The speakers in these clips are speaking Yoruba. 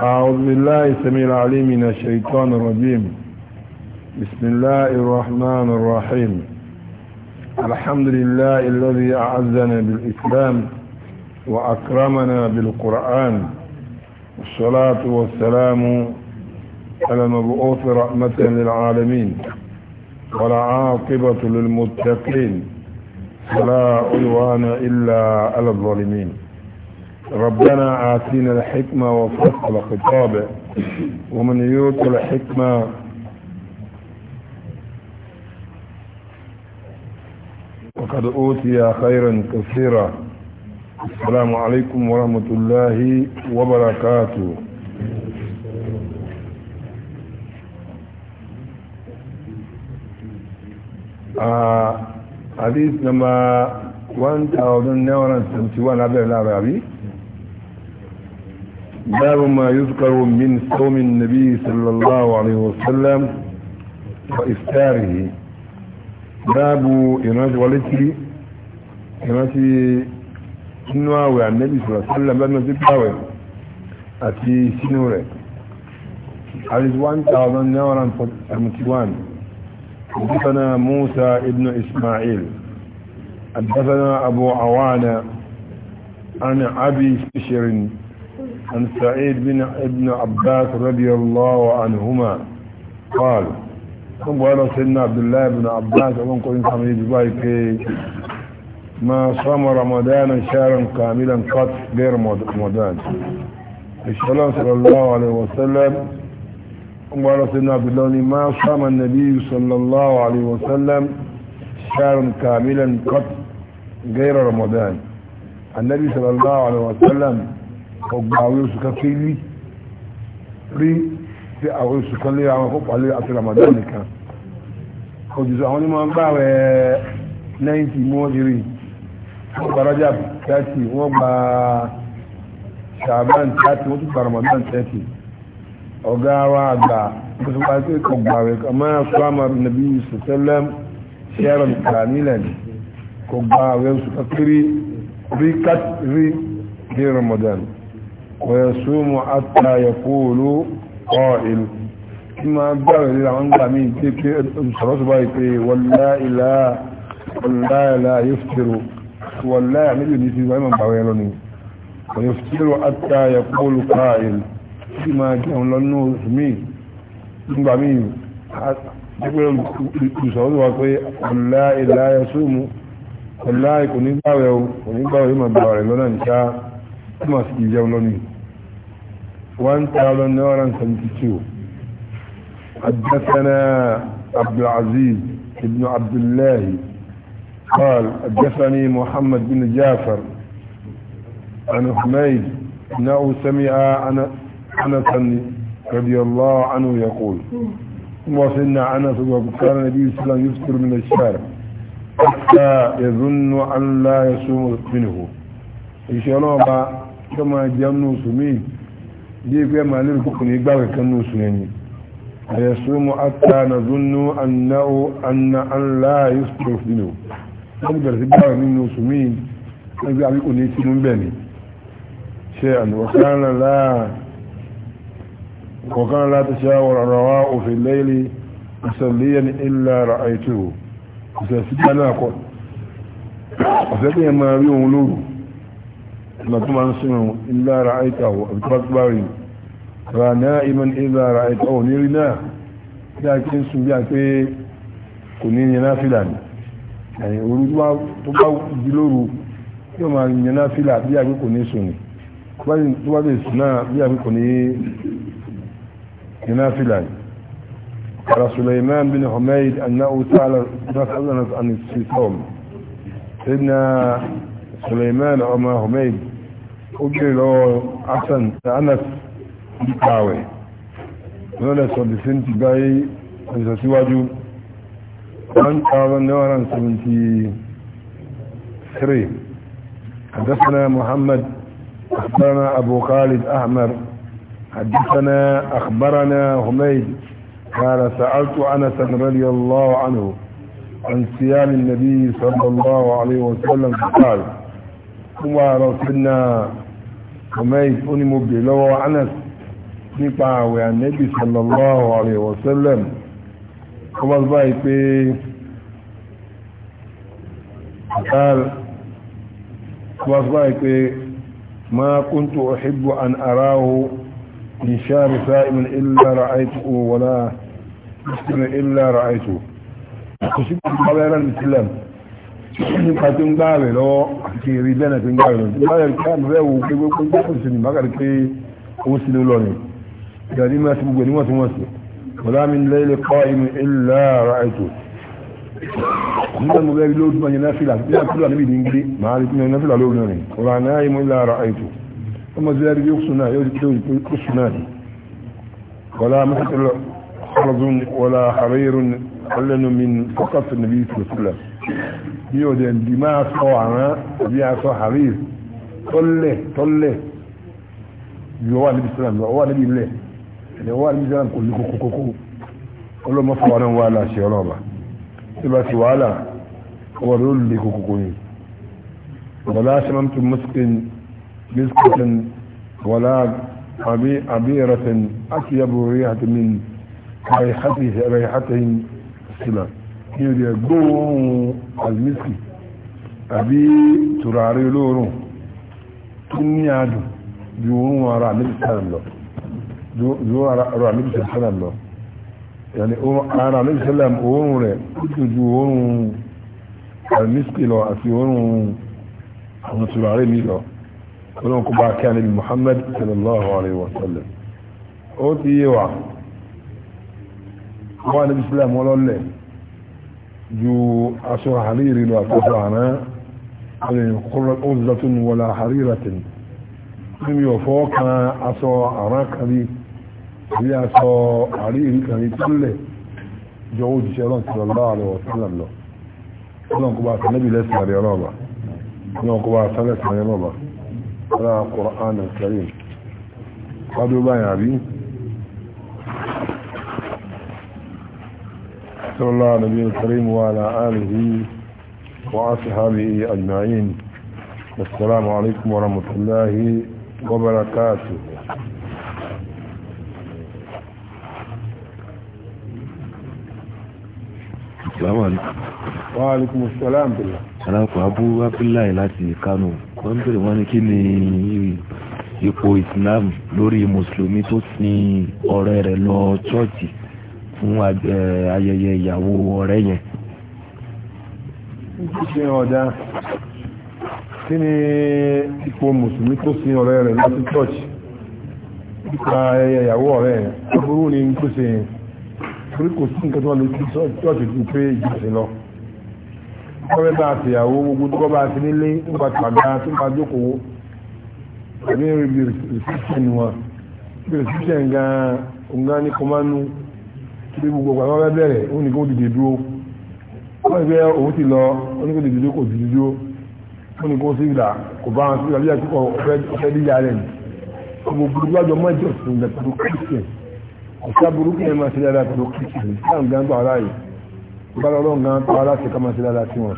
أعوذ بالله السميع العليم من الشيطان الرجيم بسم الله الرحمن الرحيم الحمد لله الذي أعزنا بالإسلام وأكرمنا بالقرآن والصلاة والسلام على مبعوث رحمة للعالمين والعاقبة للمتقين فلا عدوان إلا على الظالمين ربنا آتينا الحكمة وفصل خطابه ومن يوت الحكمة وقد أوتي خيرا كثيرا السلام عليكم ورحمة الله وبركاته آه حديث نمبر 1971 عبد الله باب ما يذكر من صوم النبي صلى الله عليه وسلم وإفتاره باب إناج والتي إناج نواوي عن النبي صلى الله عليه وسلم باب نزيب باوي أتي سنوري حديث 1971 حدثنا موسى ابن إسماعيل حدثنا أبو عوانة عن أبي بشر عن سعيد بن ابن عباس رضي الله عنهما قال كم قال سيدنا عبد الله بن عباس ومن كنت حميد بايك ما صام رمضان شهرا كاملا قط غير رمضان صلى الله عليه وسلم قال سيدنا عبد الله ما صام النبي صلى الله عليه وسلم شهرا كاملا قط غير رمضان النبي صلى الله عليه وسلم ọgbà àwọn oṣù kan kéwì rí tí àwọn oṣù kan lé àwọn fọ́pàá lé àti Ramadan nìkan òjìṣẹ́ àwọn onímọ̀ gbà rẹ̀ 90 mú wọ́n ti rí wọ́n gba Rajab 30 wọ́n gba Shaban 30 wọ́n tún gba Ramadan 30 ọ̀gá wa àgbà ìgbésọ̀pá pé kò gbà rẹ̀ ọmọ ẹ̀kọ́ nàbí sọ̀tẹ́lẹ̀m ṣẹ́rọ̀ nìkà nílẹ̀ kò gbà rẹ̀ oṣù kan kéré rí káàkiri ní Ramadan ويصوم حتى يقول قائل كما قال لي عن قامي كيف صرت بايتي ولا اله ولا لا يفطر ولا يعمل لي في زمان باويلوني ويفطر حتى يقول قائل كما كان لنو سمي قامي يقول صرت بايتي ولا اله يصوم ولا يكون باوي ولا يكون باوي ما باوي لنا ان شاء ما سيجاولوني 1972 حدثنا عبد العزيز بن عبد الله قال حدثني محمد بن جعفر عن حميد انه سمع انس رضي الله عنه يقول وصلنا انس وكان النبي صلى الله عليه وسلم يفطر من الشارع حتى يظن ان لا يصوم منه ان شاء الله كما جنوا سمين bí ẹgbẹ́ ma lórí kòkò ní gbáwẹ̀ kan ní oṣù ẹni àyẹ̀sọ́mọ́ àtà na zúnnú annáwó anna aláàyè sọ́fìlò wọ́n bẹ̀rẹ̀ sí gbáwẹ̀ nínú oṣù míì ẹgbẹ́ àríkò ní tínú bẹ̀ ni ṣe àlùkọ̀kan láti ṣe àwọ̀rọ̀wá òfin lẹ́lẹ́ ìṣẹ̀lẹ́yẹn ilẹ̀ ara مطمع نسمه إلا رأيته أبتباري رنائما إذا رأيته نرناه لكن سبيعك كنين ينافلا يعني أريد تبقى جلوره يوم ينافلا بيعك كنين سني تبقى سنا بيعك كنين ينافلا قال سليمان بن حميد أنه تعالى نسألنا عن الصوم سيدنا سليمان أما حميد ó jẹ́ lọ asan anas nípa àwẹ̀ lọ́lẹ̀ sọ̀dì sí ti báyé ìsọ̀síwájú 1973 حدثنا محمد أخبرنا أبو خالد أحمر حدثنا أخبرنا حميد قال سألت أنس رضي الله عنه عن سيال النبي صلى الله عليه وسلم قال هو رسلنا kọmẹ́yì ó ní mo bè lọ́wọ́ anas nípa àwẹ̀ ànẹ́bì sallallahu alaihi wasallam ó bá bá yìí pé bá bá yìí pé ma kuntu uhibbu an arahu in shari sa'imin illa ra'aytuhu wala muslimin illa ra'aytuhu kò sí kò sí kọ́lẹ́rẹ́ islam nípa tí ń gbá rẹ̀ lọ́wọ́ àti rí lẹ́nà tí ń gbá rẹ̀ lọ́wọ́ báyọ̀ kí àmì rẹ̀ wò pé gbogbo gbogbo ìṣẹ̀lẹ̀ mákàrí pé ó sì lọ rẹ̀ ìgbà ní máa ti gbogbo ní wọ́n ti wọ́n kọ́ inú ilẹ̀ ara ètò nígbà mo bẹ́ẹ̀ lóòdù máa yẹn náfìlà bí wọ́n fìlà níbi ìdíngé máa rí yẹn náfìlà lóòdù rẹ̀ ọ̀la rí yóò sùn náà yóò bí ó dẹ̀ bí máa sọ àrán àbí aṣọ harris tọ́lẹ̀ tọ́lẹ̀ yóò wà níbi sílẹ̀ lọ wà níbi ilẹ̀ ẹ̀dẹ̀ wà níbi sílẹ̀ kò ní kókókókó ọlọ́mọ fún wa náà wà láṣẹ ọlọ́ọ̀bà tí bá ti wàhálà ọwọ́ ló lè kókókó ni wàlá sẹ́mọ́tò mọ́síkìn bísíkìtìn wàlá àbí ẹ̀rọ̀tìn àti yàbò rí àti min rẹ̀ ní òde ẹgbóhùn alimiski àbí tùràrí olóòrùn tó ní adùn ju òun ara àmìlísàlẹ̀ lọ ju ara àmìlísàlẹ̀ lọ yàni ara àmìlísàlẹ̀ òórùn rẹ̀ ó dùn ju òórùn alimiski lọ àti òórùn àwọn tùràrí mi lọ olóòrùn kó bá kí a níbi Muhammad sallallahu alaihi wa sallam ó ti yé wa wọ́n alimisalẹ̀ mọ́lọ́lẹ̀ ju aṣọ àríri lọ àtọ́sọ àná ọ̀rẹ́ kúrọ̀ ọ̀zọ̀tún wọlá àríratin níbi ọ̀fọ́ kan aṣọ àrá kàrí àbí aṣọ àríri kàrí tẹ́lẹ̀ jọ òjìṣẹ́ lọ́n ti lọ́lá àrẹ ọ̀sán lọ ọlọ́n kó bá tẹ́lẹ̀bí lẹ́sìn àrẹ ọlọ́ba ọlọ́n kó bá tẹ́lẹ̀sìn àrẹ ọlọ́ba ọlá kọ̀ọ̀án kẹrin wádó báyìí àrí صلى الله على الكريم وعلى آله وأصحابه أجمعين السلام عليكم ورحمة الله وبركاته السلام عليكم وعليكم السلام بالله alákọ̀ abú abdullahi láti kánò wọ́n bèèrè wọ́n ní kí ni ipò islam lórí mùsùlùmí tó sin ọ̀rẹ́ fún eh, ayẹyẹ ìyàwó ọ̀rẹ́ yẹn ṣe ọ̀dá kí ni ipò mùsùlùmí tó sin ọ̀rẹ́ rẹ̀ láti church nípa ayẹyẹ ìyàwó ọ̀rẹ́ rẹ̀ aburú ni tó ṣe torí kò sí nǹkan tó wà lórí church ju pé ìjọsìn lọ ọ̀rẹ́ bá ti ìyàwó gbogbo tó bá ti nílé nípa tàgbà tó bá jókòó kí gbogbo àwọn ọmọ bẹ̀rẹ̀ òun nìkan ó dìde dúró wọ́n ní pé òun ti lọ oníkan dìde dúró kò dìde dúró òun nìkan ó sì là kò bá wọn síbi àbíyá kíkọ ọ̀fẹ́ díya rẹ̀ ni gbogbo ìwájọ mọ́jọ sùn lẹ̀ pẹ̀lú christian ọ̀sá burúkú yẹn máa ṣe dáadáa pẹ̀lú christian islam gan gbà aláyè ìbára ọlọ́run gan tó aláṣẹ ká máa ṣe dáadáa sí wọn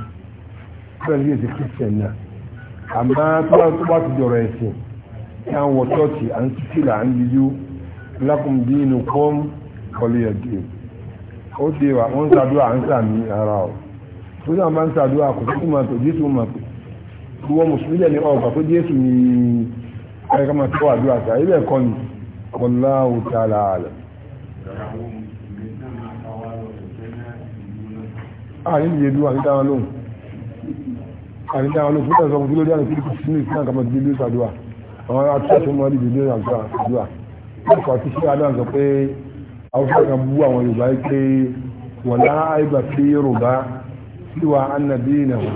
bẹ́ẹ̀ ni kọ́lé ẹ̀dẹ́ ó ti wà wọ́n ń ṣàdúrà ń sàmì ara ọ̀ tó náà máa ń ṣàdúrà kò tó máa tó jésù máa pè gbogbo mùsùlùmí dẹ̀ ní ọgbà tó jésù ní ẹ̀ka máa tó àdúrà sí ayé bẹ́ẹ̀ kọ́ ni wallahu ta'ala alam. àní ìyè dúró àní dáwọn lóhùn àní dáwọn lóhùn fún ẹ̀sọ́ fún lórí àná sí ìsìn àkàmọ́ ti dé lóṣàdúrà àwọn ará tó ṣe mọ́ ní ìdílé àdúrà àdúrà ó kọ́ ti ṣe adáǹsọ pé hausa kan buwa wani ba ya ke wala aiba fi ruba siwa anna dinahu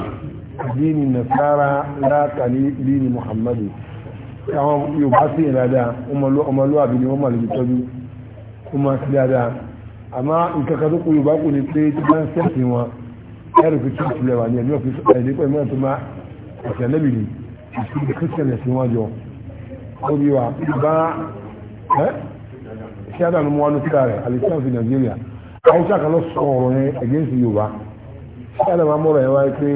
dini nasara la tali dini muhammadu àwọn yorùbá sí ìrada ọmọlúwàbí ni wọ́n màlúù tọ́jú wọ́n máa sí dáadáa àmá ìkẹ́kẹ́ tó kú yorùbá kò ní pé tí wọ́n sẹ́ẹ̀sì wọn ẹ̀rù fi tún tilẹ̀ wà ní ẹ̀mí ọ̀fíìsì ẹ̀dẹ́ pẹ̀lú mẹ́rin tó máa ẹ̀sẹ̀ lẹ́bìrì ìṣúlẹ̀ kírísítẹ̀lẹ̀ sí wọn jọ ó bí wa yorùbá ẹ́ tí a dànù mú wánú tíra rẹ̀ alexander fi nàìjíríà haúsá kan lọ sọ ọ̀rọ̀ yẹn against yorùbá tí a dànù amọ̀rọ̀ yẹn wáyé pé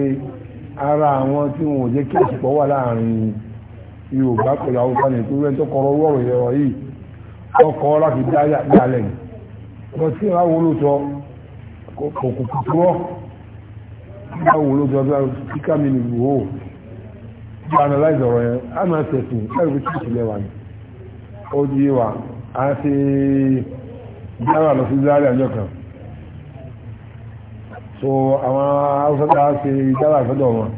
ara àwọn tí wọn ò jẹ́ kí àṣìpọ̀ wà láàrin yorùbá pẹ̀lú haúsá ní ìpínlẹ̀ tó kọ̀rọ̀ wọ̀rọ̀ yẹ̀rọ yìí ọkọ̀ láti dá yálẹ̀ yìí lọ sí ìhà wo ló sọ kò kò kò wọ́ ìhà wo ló sọ bí wọn kíkà mi nìlú o analyze ọ̀rọ̀ yẹn a máa tẹ̀sùn ẹ̀rù tí kò sí lẹ́wà ni ó di wa a ti dára lọ sí zárí àjọ kan so àwọn haúsọ́dá ṣe dára àfẹ́dọ̀ wọn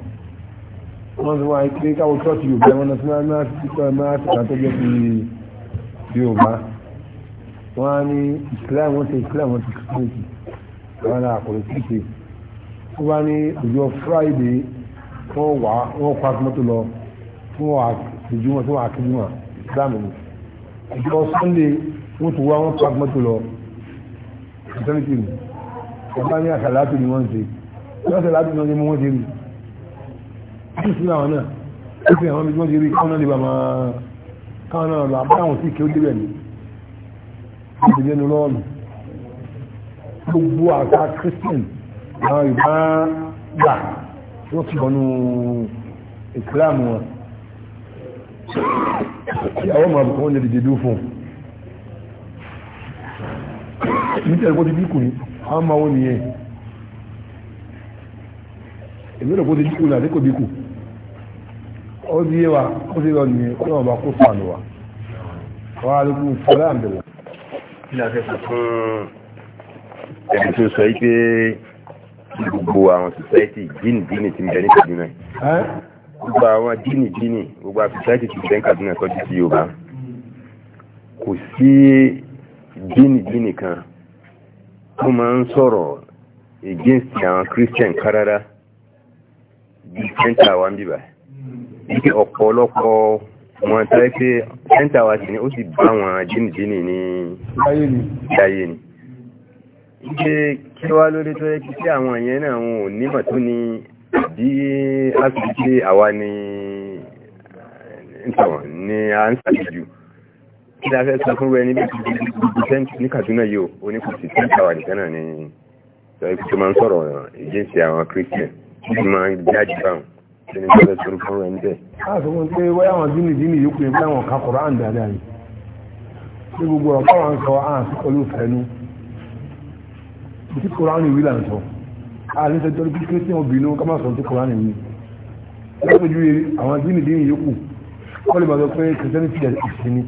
wọ́n ti wá ikú káwọ́ tọ́ọ̀tì yóò bẹ́ẹ̀ wọ́n náà tí wọ́n náà ti tọ́ náà ti kàn tó jẹ́ ti Yorùbá wọ́n á ní Islam wọ́n ti Islam wọ́n ti kìrìsìtì wọ́n náà kò lè kìrìsìtì wọ́n bá ní ọjọ́ Friday wọ́n wà wọ́n kọ́ àtúmọ́tò lọ fún wọn àjùmọ̀ tí wọ́n àkíjùmọ̀ Islam ni ìjọ sunday wọ́n tó wá wọ́n park mọ́tò lọ ìtẹ́lẹ̀kì ni bàbá ní àṣàlátù ni wọ́n ṣe wọ́n ṣàlátù ni wọ́n ṣe mú wọ́n ṣe rí kí sí àwọn náà ó fi àwọn ibi wọ́n ṣe rí káwọn náà lè bà máa káwọn náà lọ àbá àwọn sí kí débẹ̀ ni wọ́n ti lẹ́nu lọ́ọ̀lù gbogbo àṣà christian àwọn ìbá gbà wọ́n ti bọ̀nù ìsìlámù wọn ìyàwó máa bùkún oúnjẹ dìde dúró fún un ní tẹ̀lé kó ti dínkù ní a máa wọ́n nìyẹn èmi rẹ̀ kó ti dínkù ní àdékò dínkù ó di yé wa ó ti lọ nìyẹn kó náà bá kó sànù wa wàá lókun fọlá àbẹ̀wò. kí ni a fẹ́ sọ fún ẹni tó sọ yìí pé gbogbo àwọn sọsáìtì díìnì ti ń bẹ ní Kaduna gbogbo àwọn díìnì díìnì gbogbo àfisẹ́tì ti fẹ́ Kaduna tọ́jú sí Yorùbá kò sí díìnì díìnì kan tó máa ń sọ̀rọ̀ against àwọn Christian kárárá bí sẹ́ńtà wa ń bíbà bí ọ̀pọ̀lọpọ̀ wọn tẹ́ pé sẹ́ńtà wa sì ni ó sì bá wọn díìnì díìnì ní láyé ni ṣe kí wá lórí tó yẹ kí sí àwọn yẹn náà wọn ò nímọ̀ tó ní àbí a ti pé àwa ni ìtàn ni a ń ṣàjù kí la fẹ́ sọ fún rẹ níbi ìpínlẹ̀ ní Kaduna yìí ó ní kò sí ten hour nìkan náà ni sọ ikú tó máa ń sọ̀rọ̀ ìjẹ́sì àwọn Christian tí máa ń jáde báwọn kí ni sọ́dọ̀ tó fún rẹ níbẹ̀. káàkiri pé wáyà wọn dínì dínì pẹ̀lú fẹ́nu ìtí kọ̀rọ̀ àwọn ìwé ń sọ ààrẹ sọ jọrọ kí christian obìnrin ká má sọ tó kọ́ránì mi lápẹjú àwọn jíní dín yòókù kọ́ lè bá sọ pé christian ti ìsinmi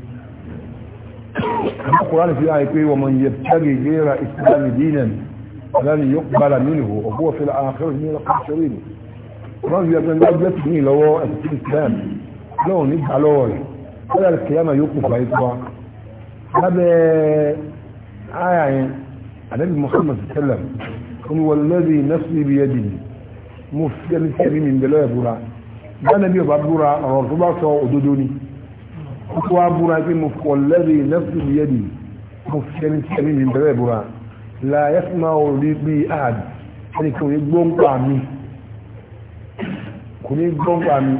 àmọ́ kọ́ránì fi àyè pé wọ́n mọ̀ yẹ tẹ́gì gẹ́ra ìsìlámì dínà láti yóò gbára nínú ìhò ọ̀pọ̀ òfin àkẹ́rọ̀ ní ọkọ̀ ìṣòro ìlú wọ́n fi ẹgbẹ́ ńlá jẹ́ tìmí lọ́wọ́ ẹ̀sìn islam lábẹ́ àyà yẹn àdẹ́bí muhammad sallam هو الذي نفسي بيده مفتي الكريم من بلا برا ده نبي برا رسول سو ودودوني هو برا هو الذي نفسي بيده مفتي الكريم من بلا برا لا يسمع لي بي احد يعني كون يغبون قامي كون يغبون قامي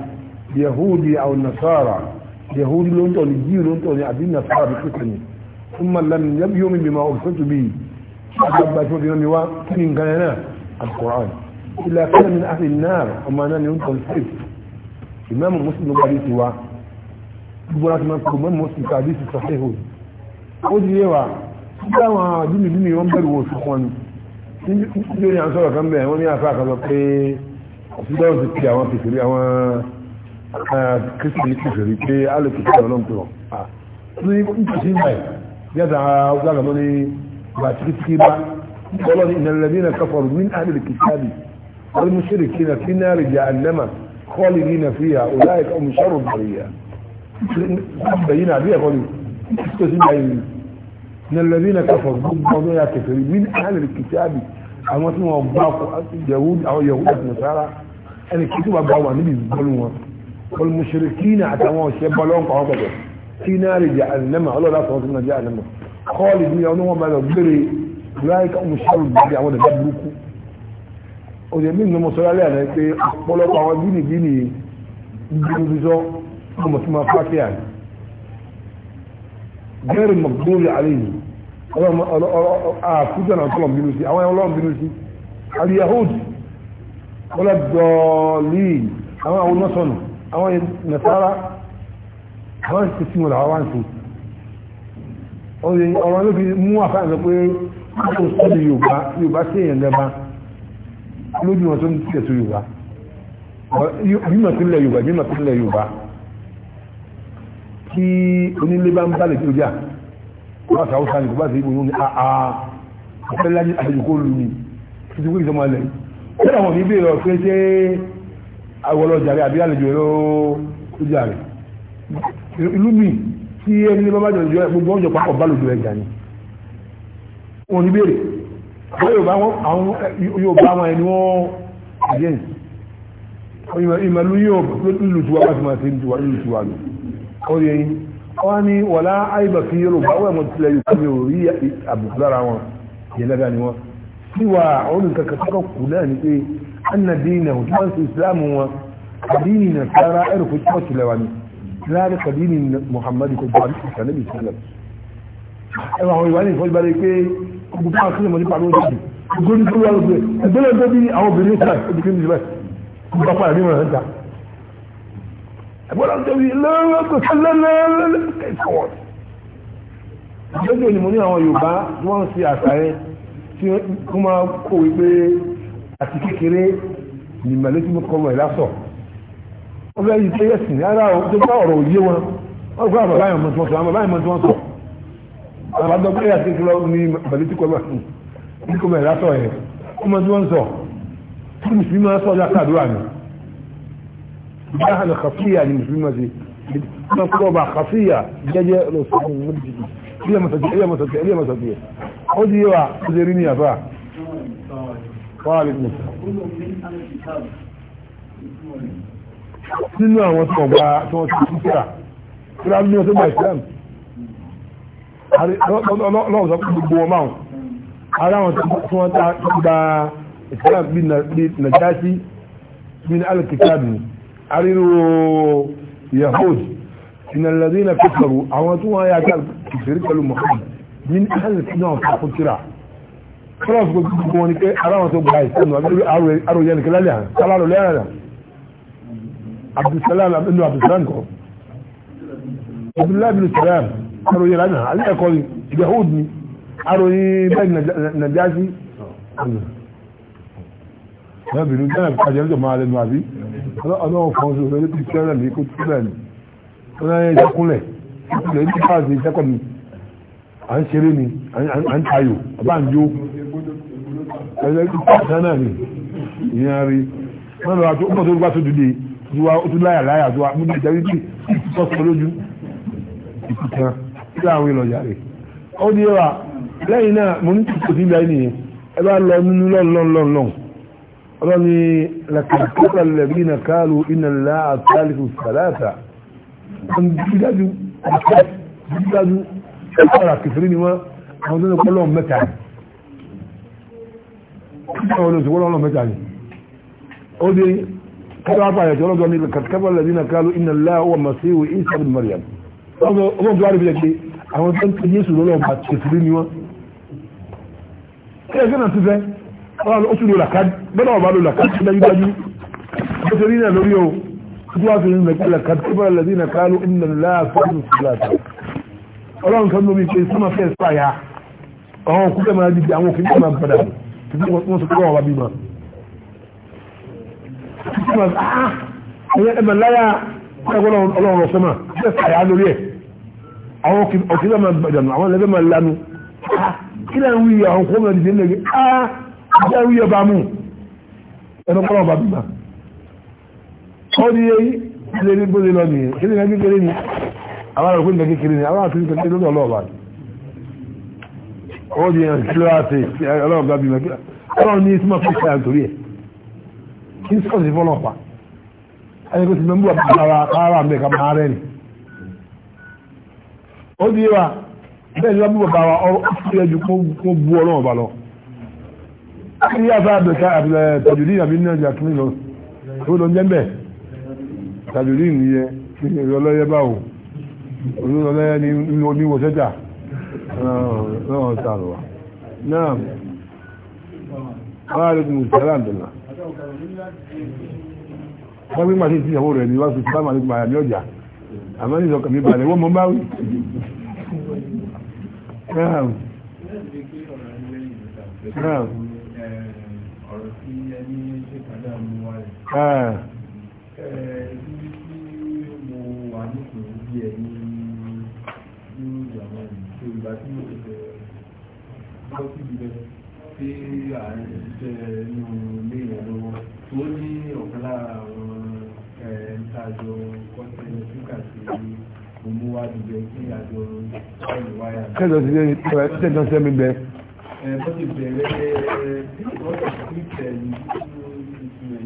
يهودي او نصارى يهودي لون تولي جيرون تولي عبد النصارى ثم لم يؤمن بما ارسلت به àgbàgbà tí wọ́n ti rán mi wá kí ni nǹkan náà alukoran ilẹ̀ akẹ́lẹ̀ mi láti náà ọmọ náà ni ó ń tọ́ sí ìmáàmù mùsùlùmí ló gbàdí ti wá gbogbo láti máa kó mọ́mọ́ sí ká àdísì sọ́fẹ́ ìhòòdì ó di yẹwà nígbà àwọn àdúmìdúmì wọn bẹ̀rù wò sí wọn níjó ní à ń sọ̀rọ̀ kan bẹ̀ wọ́n ní àfa àkàlọ́ pé ọ̀sídọ́ ti pe àwọn kìfìrí àwọn kristian kìfìrí pé باتريكي با قولوا إن الذين كفروا من أهل الكتاب والمشركين في نار جهنم خالدين فيها أولئك هم شر البرية بينا بها خالدين. استثنى إن الذين كفروا ضد بعضهم يا من أهل الكتاب او اسمه يهود أو يهود النصارى أن الكتب أبواب النبي والمشركين أتموا الشيء بلون قهوة في نار جهنم الله لا صوت من جهنم خالد يوم ما لبري لايك ام الشر بدي اود ادبركم o de min mo sọ̀rọ̀ alẹ́ àná pé ọ̀pọ̀lọpọ̀ àwọn bínibíni gbígbígbísọ́ ọmọ tí ma fàáfíà ní gẹ́rì mọ̀gbóòrì àlẹ́yìn àfújọ́nà ọ̀tọ́lọ̀ bínú sí àwọn ọlọ́run bínú sí aliyahud ọlọ́dọ̀ọ́lì àwọn àwọn nọ́sọ̀nù àwọn nasara àwọn ìpè tí mo làwọn wá ń ṣe ọ̀rọ̀ ló fi mú àfáàní sọ pé kó sọ́dọ̀ yorùbá yorùbá sí èèyàn lẹ́ba lójú wọn tó ń tilẹ̀ tó yorùbá mímọ̀ tó lẹ̀ yorùbá mímọ̀ tó lẹ̀ yorùbá kí onílé bá ń bá lè tó jà kó bá sàwọ́ sani kó bá sì gbóyún ní àà ọ̀fẹ́ lájú àjèjì kó lu ni títí wíìsì ọmọ ẹlẹ́yìn kí àwọn mi bèèrè ọ̀fẹ́ ṣé àwọn ọlọ́jà rẹ̀ àbí àlejò rẹ̀ ó jà rẹ̀ ìlú mi tí ẹni bá bá jọ jọ gbogbo ọjọ́ papọ̀ bá lòdù ẹja ni wọn ní béèrè àwọn Yorùbá wọn ẹni wọn against ìmọ̀lú yóò lù tiwa bá ti máa ṣe tiwa lù tiwa lù ó yẹ yín wọn ní wọlá àyíbà fi Yorùbá wọn ẹ̀mọ́ tilẹ̀ Yorùbá mi ò rí àbùkù lára wọn yẹn lẹ́gà ni wọn síwá àwọn olùkẹ́kẹ́ kù náà ni pé anna dina tí wọ́n ń ṣe Islam wọn àdínì nàìjíríà ẹ̀rù fún chọ́ọ̀chì lẹ́wà ni láàrin kàdínì Muhammad kò bá ìsànẹ́bì sílẹ̀ ẹwà àwọn ìwà ní ìfọ́júbárí pé gbogbo àwọn sílẹ̀ mọ̀ nípa lóṣù gbogbo tó wà lóṣù ẹgbẹ́lẹ̀ tó bí àwọn obìnrin sáà ó di kí n jùlọ gbogbo apá àrí mọ̀ràn ta ẹgbọ́n tó bí lọ́wọ́ kẹsàn-án lọ́jọ́ ni mo ní àwọn Yorùbá wọ́n fi àṣà yẹn tí wọ́n máa kó wípé àti kékeré ni màlẹ́tí mo kọ́ mọ̀ ìlàsọ̀ wọ́n fẹ́ yí pé ẹ̀sìn rárá o tó bá ọ̀rọ̀ òye wọn wọ́n fẹ́ àbàbá yẹn mọ̀ tí wọ́n sọ àbàbá yẹn mọ̀ tí wọ́n sọ àbàbá pé àti ìṣúra ní bàlẹ́ tí kò bá ní kò bẹ̀rẹ̀ lásọ̀ yẹn wọ́n mọ̀ tí wọ́n sọ tí mùsùlùmí máa sọ yá kàdúrà ni bá hàn kàfíyà ni mùsùlùmí máa ṣe wọ́n kọ́ bá kàfíyà jẹ́jẹ́ lọ sọ́kùn mọ́ Thank you nínú àwọn tó ọgbà tó wọ́n ti kíkà tó rá ní ọdún islam lọ́wọ́ sọ gbogbo wọn máa ara wọn tó wọ́n gba islam bí nàjásí bí alkitabu arírò yahud ìnàlẹ́dí na kẹfẹ̀rù àwọn tó wọ́n yá kẹfẹ̀rí pẹ̀lú muhammad ní alkitabu fún kíra kọ́lọ́fù gbogbo wọn ni pé ara wọn tó gba islam àròyẹnikẹ́lẹ́lẹ́ abdulsalam inú abdulsalam kọ abdullahi bin salam aroyin lana alẹ́ ẹ̀kọ́ yahud ni aroyin bẹ́ẹ̀ nàjájí lọ́bìnrin náà kàjẹ́lẹ́jọ máa lẹ́nu àbí ọlọ́run kan sí orí tí kẹ́rẹ̀ ní kó tí bẹ́ẹ̀ ni wọ́n náà yẹ kúnlẹ̀ ìpìlẹ̀ ní káàsì ìṣẹ́kọ̀ ni à ń ṣeré ni à ń tayò ọba ń jó ẹgbẹ́ ìpàdánà ni ìyẹn rí wọ́n lọ́wọ́ tó gbà tó dìde tiwa ó tún láyà láyà tiwa mo lè jẹ́rìí bí ìtúkọ́ sọ lójú ìtúkan sí àwọn ìlọ̀yà rẹ̀ ó ní wa lẹ́yìn náà mo ní tìkò sí ilẹ̀ nìyẹn ẹ bá lọ nínú lọ́nlọ́nlọ́n ọlọ́ni làkàkọ́tà lẹ́bí na káàlù iná láàtàlìkù sàlátà dájú dájú ọ̀pára kìfìrí ni wọ́n àwọn tó ń kọ́ lọ́wọ́ mẹ́ta ni ó dé kada wá pàyàtì ọlọ́dọ̀ ní kàtàkàbà lẹ́dínà kálú iná láwọ́ masiwu isa bin mariam ọlọ́dọ̀ wá rí bí ẹgbẹ́ àwọn tó ń tẹ yéṣu lọ́lọ́ ọba kẹsìrí ni wọ́n ẹgbẹ́ náà ti fẹ́ ọlọ́dọ̀ oṣù lọ́la káàdì gbọ́dọ̀ ọba lọ́la káàdì dájúdájú bẹ́tẹ̀ rí náà lórí o tó wá fi rìn lẹ́kẹ́ kàtàkàbà lẹ́dínà kálú iná láwọ́ ọlọ́run kan lómi pé sọ́mà fẹ́ẹ́ sáyà àwọn òkú Ah, ẹ̀mẹ̀ láyà ẹgbọ́n ọlọ́run ọ̀sọ́mà ṣe fàyà lórí ẹ̀ àwọn ọ̀kìlẹ̀ máa gbàdànù àwọn ẹlẹ́gbẹ́ máa lanu ah, kílẹ̀ ń wíyà àwọn kọ́mọ̀ ìdíje ń lẹ́gbẹ́ ah, áá jẹ́ wíyà bá mú ẹnu kọ́lọ̀ bá bímà ọ́ ní èyí ilé ní bóde lọ nìyẹn kí ní kékeré ni àwọn àrùn pínlẹ̀ kékeré ni àwọn àti kékeré lọ́dọ̀ ọlọ́ọ̀bà ọ́ ní ẹ̀rọ kílọ̀ àti ọlọ́ọ̀bà kí n sọ̀rọ̀ sí fọ́lọ̀ pa ẹni kò sì mẹ́mbù àbára kára mẹ́ ká máa rẹ̀ ni ó di wa bẹ́ẹ̀ ni wọ́n bú bàbá wa ọ̀rọ̀ ọ̀fíì ẹ̀jú kó bú ọlọ́run ọba lọ kí ni àfẹ́ àbẹ̀ká àbẹ̀lẹ̀ tàjùdí àbí náà jà kí lọ tó lọ jẹ́ bẹ́ẹ̀ tàjùdí nìyẹn kí ni ìrọlọ́yẹ bá wò olùrọlọ́yẹ ni oníwọ̀ sẹ́jà náà sàrọ̀ wa náà wàhálà ìgbìmọ̀ wọ́n gbé màtí sí ìyàwó rẹ̀ ní wọ́n fi bá màtí gbà ní ọjà àmọ́ ní ìsọ̀kàn mi balẹ̀ wọ́n mọ bá tí àárín iṣẹ́ inú ilé yẹn lọ́wọ́ tó ní ọ̀kan lára àwọn ẹ̀ẹ́dájọ kọ́sẹ̀ ṣúgà sí òmùwádìí bẹ́ẹ̀ sí àjọ ẹ̀yìnwáyà. kẹ́lọ́ ti ṣe ṣe bẹ́ẹ̀. ẹ bó ti bẹ̀rẹ̀ ọ̀sẹ̀ tí tẹ̀lé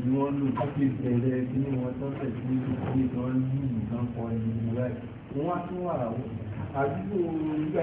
ni wọ́n lò bó ti bẹ̀rẹ̀ bí wọ́n tọ́sẹ̀ sí ní wọ́n ní ìdánpọ̀ ìlú rẹ̀ wọ́n á tún wà àdúgbò ìgbà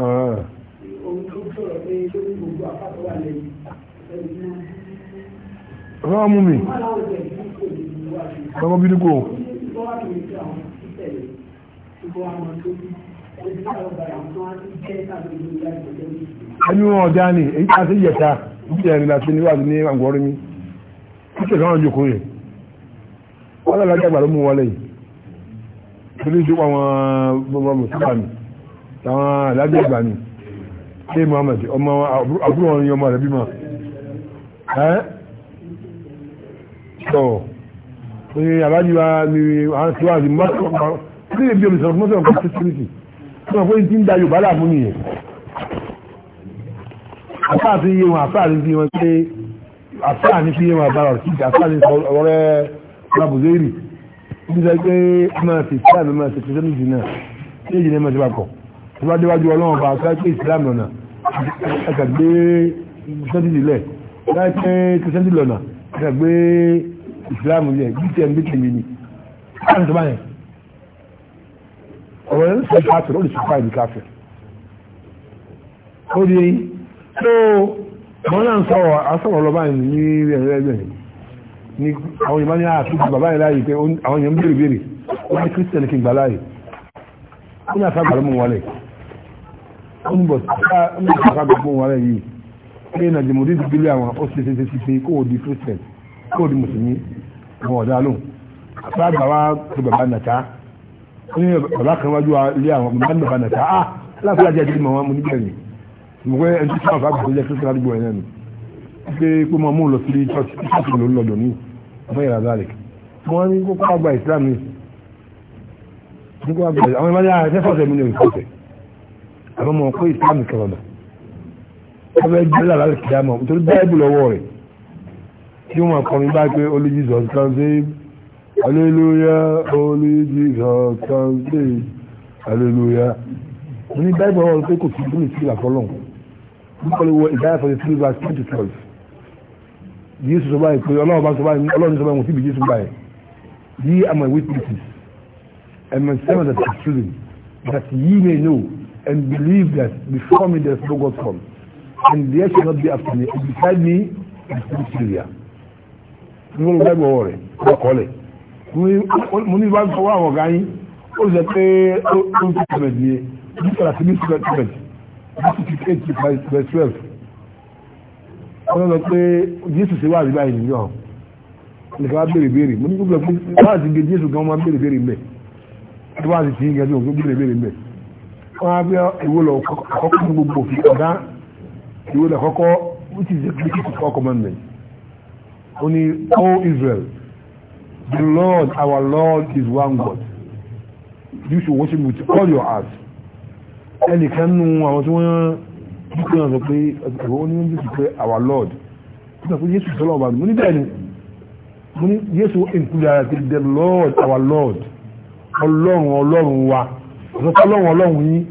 rárá mú mi ọmọ bíi kò. ẹni wọn ọjà ni èyí tí a ti yẹta ìjìyà ìrìnà sí ni wà ní àgbọ̀rí mi títẹ̀ kan jòkó rẹ̀ wọ́n lọ́la jágbà ló mú wọlé yìí torí ìjọba wọn bọ́bọ́ mọ̀ síbà mi àwọn alájẹ ìgbà ni ṣé Muhammad ọmọ àbúrò ọ̀run yọmọ rẹ̀ bímọ ẹ́ tọ̀ pé alájẹ wa ni àwọn tí wà ní mọ́tò ní ebi omi sọ̀rọ̀ mọ́tò ọ̀pọ̀ sísírìtì tí wọ́n pé ti ń da Yorùbá láàmú nìyẹn àfáà ti yé wọn àfáà ti fi wọn pé àfáà ní fi yé wọn àbára ọ̀rọ̀ kíkì àfáà ní ọ̀rẹ́ rabuzeri nígbà pé máa ti sáà ní máa ti fi sẹ́nu jù náà ní èyí ní ẹ̀ máa ti bá kọ̀ tó bá déwájú ọlọ́run bá sáyé islam lọ́nà ẹ̀kàgbé kìrìsìtẹ́ntì lẹ̀ láì pé kìrìsìtẹ́ntì lọ́nà ẹ̀kàgbé islam yẹ btm btm ni káàdì tó bá yẹn ọ̀rọ̀ yẹn sọ káàtó lórí sọ fáìlì káàtó ó di tó ah, ni àwọn ìmọ̀ ní àtúntò bàbá yẹn láàyè pé àwọn èèyàn ń béèrè béèrè wọ́n ní kírísítẹ̀nì kì gbà láàyè wọ́n ní àtàgbà lọ́mú wọlé ń bọ̀ sáà gbogbo wọn rẹ̀ yìí pé nàìjíríà ti gbélé àwọn ó ṣe ṣe ṣe ṣe kó o di christian kó o di mùsùlùmí àwọn ọ̀dà lóhùn àpá àgbà wa tó bàbá nàta ó ní bàbá kan wájú ilé àwọn bàbá nàbà nàta ah láti láti àjẹjì mọ̀ wọn mo níbẹ̀ ni mo pé ẹni tí wọn fà gbàgbé jẹ́ christian àdúgbò yẹn nù pé pé mo mú un lọ sí church church ló ń lọ́dọ̀ ní ọ̀fẹ́ yàrá zálẹ̀ wọ́n ní kókó àgbà ìsìlámù ní kókó àgbà ìsìlámù àwọn àmọ́ mọ̀ kó ìsìlámù kẹrọ̀nà ọbẹ̀ jẹ́lá láti kí á mọ̀ nítorí báyìí lọ́wọ́ rẹ̀ tí wọ́n kọrin bá pé olú jesus kan sí aleluya olú jesus kan sí aleluya mo ní báyìí lọ́wọ́ pé kò sí ìdúró ìsìlá fọlọ́n mo kọ́ lè wọ ìdáyà fọlẹ́ sí ìlú àti twenty twelve jésù sọ báyìí pé ọlọ́run bá sọ báyìí ọlọ́run sọ báyìí mo sì bí jésù báyìí yí àmọ̀ ìwé tìlìtì ẹ̀mọ̀ sẹ́wọ̀n that is children that ye may know and believe that before me there's no God from and there shall not be after me and beside me is no Syria ní wọ́n gbẹ́gbẹ́ ọwọ́ rẹ̀ ọkọ̀ọ́lẹ̀ mo ní bá ń sọ wá àwọn ọ̀gá yín ó lè pé ó ń fi tẹ̀mẹ̀ ní ní sọ̀rọ̀ sí ní sọ̀rọ̀ tẹ̀mẹ̀ láti fi eight to five verse twelve wọ́n lọ pé Jésù ṣe wá àríbá yìí nìyọ̀ nìkan wá béèrè béèrè mo ní gbogbo ẹ̀ pé láti gbé Jésù gan máa béèrè béèrè mbẹ̀ wá sí ti ń gẹ́gẹ́ òun tó béèrè béèrè mbẹ̀ wọ́n á bí ìwé lọ àkọ́kọ́ ní gbogbo òfin ọ̀dá ìwé lọ which is the british commandment ó ní all Israel the Lord our Lord is one God you should worship with all your heart ẹnìkan nù àwọn tí wọ́n dúpẹ́ náà sọ pé ẹ̀rọ ó ní wọ́n dúpẹ́ pé our Lord nígbà pé Jésù sọ́lọ́ ọba mo ní bẹ́ẹ̀ ni mo ní Jésù include ara ti the Lord our Lord ọlọ́run ọlọ́run wa ọ̀sọ̀tọ̀ ọlọ́run ọlọ́run yín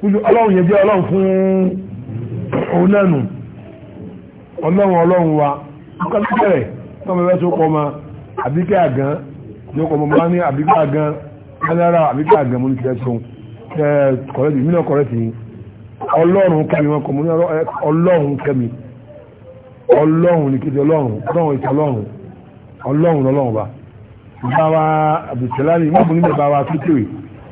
kúlù ọlọ́run yẹn jẹ́ ọlọ́run fún òun náà nù ọlọ́run ọlọ́run wa ọkọ̀ tó bẹ̀rẹ̀ tọ́mọ ẹgbẹ́ tó pọ̀ ma àbíkẹ́ àgán ní ọkọ̀ mọ̀mọ́ ní àbíkẹ́ àgán ẹlẹ́ra àbíkẹ́ àgán mú ní tiẹ̀ tó kọ̀rẹ́tì mí náà kọ̀rẹ́tì ọlọ́run kẹ́mi wọn kọ̀ mú ní ọlọ́run kẹ́mi ọlọ́run ní kéde ọlọ́run ọlọ́run ìtọ́ ọlọ́run ọlọ́run lọ́lọ́run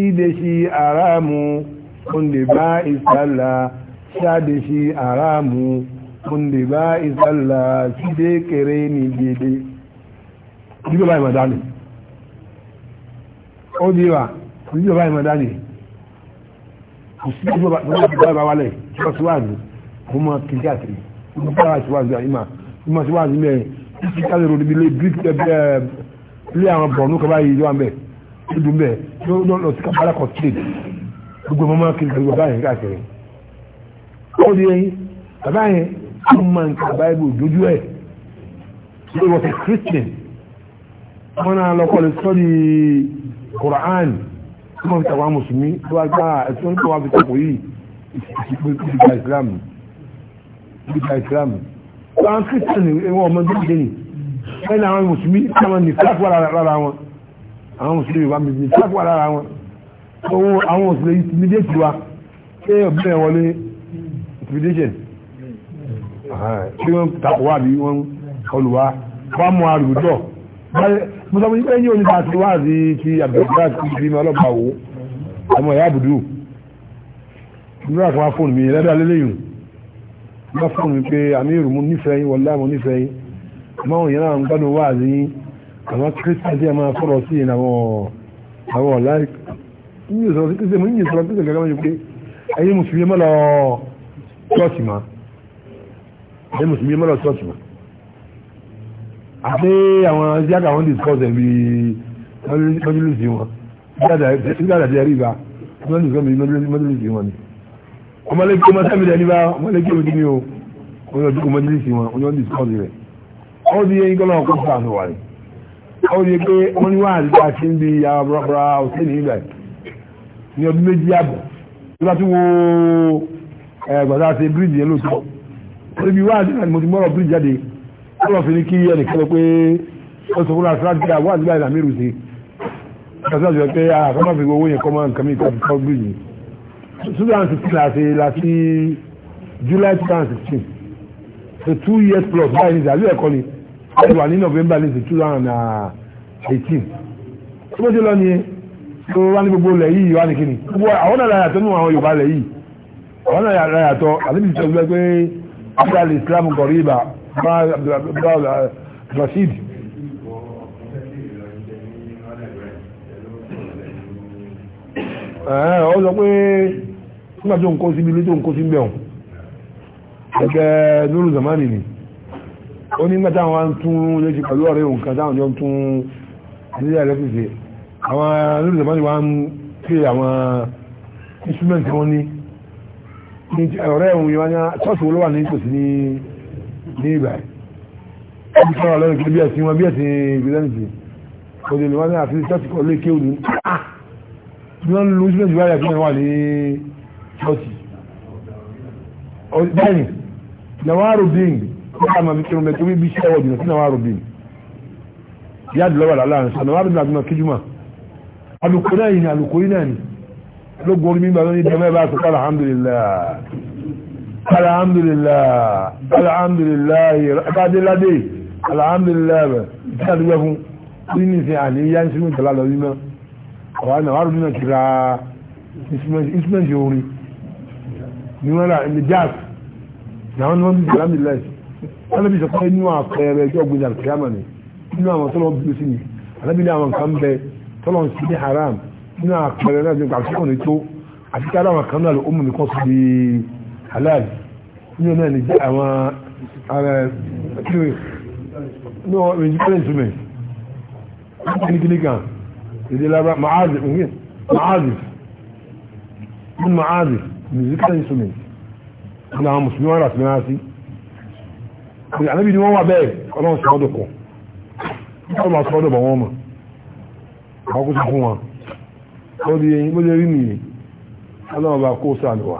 shi da shi aramu kundi ba isalla sha da shi aramu kundi ba isalla shi dai kere ni daidai jíjọ báyìí màdá ni ó di wa jíjọ báyìí màdá ni kò sí jíjọ báyìí bá wálẹ̀ jíjọ síwájú kò mọ kìí àtìrí kò mọ síwájú àyíma kò mọ síwájú mẹ́rin títí káàdì ròdìbí lé bíríkì ẹ̀ bílẹ̀ eh, àwọn bọ̀ọ̀nù kaba yìí lọ́wọ́ bẹ́ẹ̀ ó dùn bẹ́ẹ̀ lọ sí kápálá kọ street gbogbo ọmọ máa kiri gbogbo báyìí káàkiri ó di ẹyin bàbá yẹn á máa ń ka báyìí dojú ẹ he was a christian wọn náà lọ kọlu sọdí quran tí wọn fi tàwọn mùsùlùmí tí wọn gbà ẹsùn tí wọn fi tàkò yìí ìdìgbà islam ìdìgbà islam àwọn christian wọn ọmọdé ìdẹni ẹni àwọn mùsùlùmí tí wọn ní fúlàfúlà rárá wọn àwọn òṣèlú ìwà méjì sáàkù wà lára wọn owó àwọn òṣèlú intimidate wa pé ọ̀bẹ wọlé intimidation tí wọ́n takò wá bí wọ́n olùwà wọ́n mú àrùbùdọ̀ mọ́sàmù yìí pẹ́yìn òní láti wá sí ti àbẹ̀dá sí ibi ọlọ́pàá wò ọmọ ìyá àbùdù nígbà kan wá fóònù mi lẹ́dà lélẹ́yìn wọ́n fóònù mi pé àmì ìrùmú nífẹ̀ẹ́ yín wọlé àmọ́ nífẹ̀ẹ́ yín mọ́ òyìnbó àwọn gbọ́dọ̀ wá sí yín àwọn kírísítà tí a máa fọ́rọ̀ sí àwọn ọ̀la yíyí sọ̀rọ̀ sí kírísítà yíyí sọ̀rọ̀ sí kírísítà gẹ́gẹ́ pé ẹ̀yin mùsùlùmí mọ́ lọ ṣọ́ọ̀ṣì mọ́ ẹ̀yin mùsùlùmí mọ́ lọ ṣọ́ọ̀ṣì mọ́ àti àwọn asiaka wọn discuss ẹ̀bi mọ́júlùsì wọn sígbàdà tí a rí ibà wọ́n discuss ẹ̀bi mọ́júlùsì wọn ni ọmọlẹ́kẹ́ ọmọ sábìlẹ̀ ní bá ọmọlẹ́kẹ́ òdì ni o wọ́n lọ dúkọ̀ mọ́júlùsì wọn wọ́n discuss rẹ̀ ọ́ di yẹn kọ́ lọ́wọ́ kó fà á sọ wà rẹ̀ ó rí pé wọ́n ní wọ́n àrídá sí ń bi àbúrọ̀bùrọ̀ òsè ní ibẹ̀ ní ọdún méjì àbọ̀ tó bá tún wo ẹgbàdá àti bíríìjì yẹn lóòótọ́ ó rí bí wọ́n àrídá ni mo ti mọ́rọ̀ bíríìjì jáde ó lọ fi ní kí ẹnìkan lọ pé ó sọ fún wa síláàtì pé àwọn ah, àdúgbò àìsàn mírù sí kásá jọ pé àkọ́mọ́ fi owó yẹn kọ́ mọ́ nǹkan mi kọ́ fi kọ́ bíríìjì sudan ti ti láti láti July 2016 so two years plus báyìí ní ìdàlú ẹ̀kọ́ ni ẹ̀rọ wà ní november ní two thousand and eighteen tó bó ṣe lọ nìyẹn tó wá ní gbogbo ilẹ̀ yìí wá ní kíni gbogbo àwọn náà láyàtọ̀ nínú àwọn yorùbá ilẹ̀ yìí àwọn náà láyàtọ̀ àti bíi sọ́gbẹ́ pé abdul islam kọ̀ríba rasheed. ó sọ pé nígbà tó ń kó síbi ilé tó ń kó síbi ẹ̀hún ẹgbẹ́ nuru zamani ni ó ní mẹ́ta wọn tún léṣe pẹ̀lú ọ̀rẹ́ òun kan jọ tún ilé ẹ̀lẹ́fìsì àwọn olùdó mọ́ni wọn pè àwọn instrument wọn ní ọ̀rẹ́ òun yìí wọ́n ṣọ́ọ̀ṣì wo ló wà ní tòsí ní ìgbà ẹ̀ bí sọ́ọ̀rọ̀ lọ́rùn kí bí ẹ̀sìn wọn bí ẹ̀sìn ìgbìlẹ́nìtì òde lè wọ́n ní àfi ṣọ́ọ̀ṣì kọ́ lé kéwù ní ah! bí wọ́n lu instrument wáyà kí wọ́n wà ní ṣọ́ọ̀ṣì báyìí nàwárò bíyìn nígbà máa fi kírun bẹ torí ibi iṣẹ́ ọ̀dùnà sínú àwọn arọ̀bìn yáàdì lọ́wọ́ làlá rẹ̀ sọ̀nà wà lóbi àgbọ̀nà kíjúmọ̀ alùkò náà yìí ni alùkò yìí náà ni lógo orí mímọ̀ lónìí dẹ́mẹ́ bá sọ kọ́lá alhamdulillah alhamdulillah alhamdulillah ẹ̀bádéládé alhamdulillah rẹ̀ ìtí àdúgbò fún ní nìsín àní yá ní sinmi tẹ̀lá lọ mímọ́ ọ̀wá náà wà lóbi náà ti ra instrument orin ni wọ́n ra jazz náà wọ́n ti alhamdulillah alábi sọ pé inú àpẹẹrẹ ẹjọ́ gbé dàrú kíámà ni inú àwọn tọ́lọ́ bí sí ni alábi ní àwọn kan bẹ tọ́lọ́ sí ní haram inú àpẹẹrẹ náà nípa àti kọ́ni tó àti ká àwọn kan náà lọ ó mú mi kọ́ sí di halal inú náà ní jẹ́ àwọn ara kiri ní wọn rìn jíkọ́ lẹ́sùn mẹ́ ní kíní kan èdè lára ma'azi ma'azi ní ma'azi ní jíkọ́ lẹ́sùn mẹ́ ní àwọn mùsùlùmí wọn rà sí ànábì ni wọ́n wà bẹ́ẹ̀ ọlọ́run sọ́dọ̀ pọ̀ ọlọ́run máa sọ́dọ̀ bọ̀ wọ́n mọ̀ àwọn kó sọ fún wọn ó di eyín bó ṣe rí nìyí ọlọ́run bá kó sàlùwà